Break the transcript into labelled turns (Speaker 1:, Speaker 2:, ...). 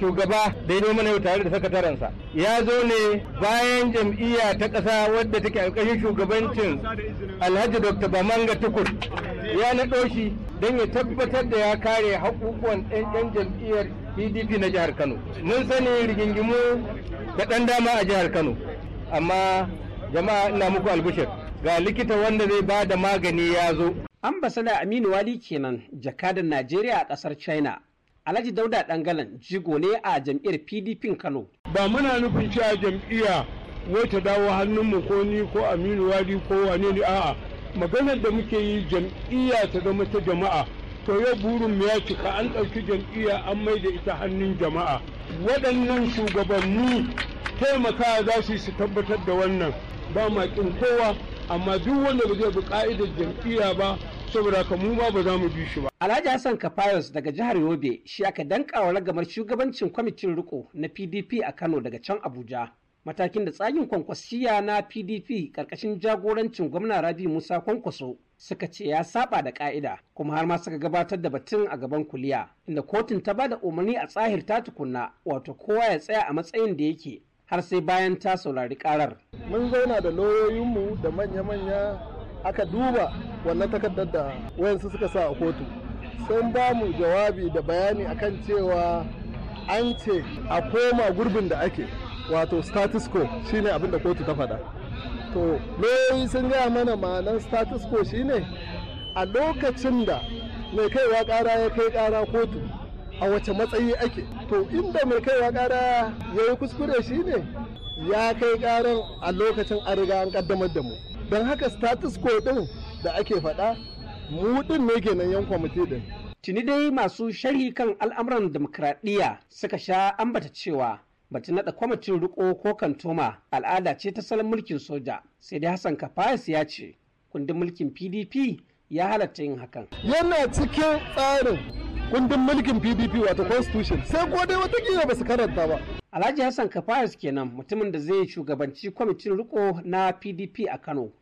Speaker 1: shugaba daidai mana yau tare da sakatarensa ya zo ne bayan jam'iyya ta ƙasa wadda take alƙashin shugabancin alhaji dr bamanga tukur ya naɗo shi don ya tabbatar da ya kare haƙuƙuwan ɗan jam'iyyar pdp na jihar kano mun sani rigingimu da ɗan dama a jihar kano amma
Speaker 2: jama'a ina muku albushir ga likita wanda zai ba da magani ya zo ambasada aminu wali kenan jakadan najeriya a ƙasar china Alhaji Dauda Dangalan jigo ne
Speaker 3: a jam'iyyar PDP Kano. Ba muna nufin cewa jam'iyya wai ta dawo hannunmu ko ni ko Aminu Wadi ko wane ne a'a. Maganar da muke yi jam'iyya ta zama ta jama'a. To yau burin mu ya cika an ɗauki jam'iyya an mai da ita hannun jama'a. Waɗannan shugabanni taimakawa za su su tabbatar da wannan. Ba ma kowa amma duk wanda ba zai bi ka'idar jam'iyya ba saboda haka
Speaker 2: mu ba za mu bi shi ba Alhaji Hassan Kafayos daga jihar Yobe shi aka dankawa ragamar shugabancin kwamitin riko na PDP a Kano daga can Abuja matakin da tsagin kwankwasiya na PDP karkashin jagorancin gwamna Rabi Musa Kwankwaso suka ce ya saba da ka'ida kuma har ma suka gabatar da batun a gaban kuliya inda kotun ta bada umarni a tsahir ta tukunna wato kowa ya tsaya a matsayin da yake har sai bayan ta saurari karar. Mun zauna da lauyoyinmu da manya-manya aka duba wannan takardar da wayansu
Speaker 4: suka sa a kotu sun ba mu jawabi da bayani akan cewa an ce a koma gurbin da ake wato status quo shine abin da kotu ta faɗa to loyi sun gaya mana ma'anar status quo shine a lokacin da mai kaiwa ƙara ya kai ƙara kotu a wace matsayi ake to inda mai kaiwa ƙara ya yi kuskure shine ya kai ƙaran a lokacin
Speaker 2: an riga an ƙaddamar da mu don haka status quo din da ake faɗa mu din ne kenan yan kwamiti din tuni dai masu sharhi kan al'amuran demokradiyya suka sha ambata cewa bata naɗa kwamitin riko ko kantoma al'ada ce ta salon mulkin soja sai dai hassan kafayas ya ce kundin mulkin pdp ya halatta yin hakan yana cikin tsarin kundin mulkin pdp wato constitution sai ko dai wata ba su karanta ba Alhaji Hassan Kafayas kenan mutumin da zai shugabanci kwamitin riko na PDP a Kano.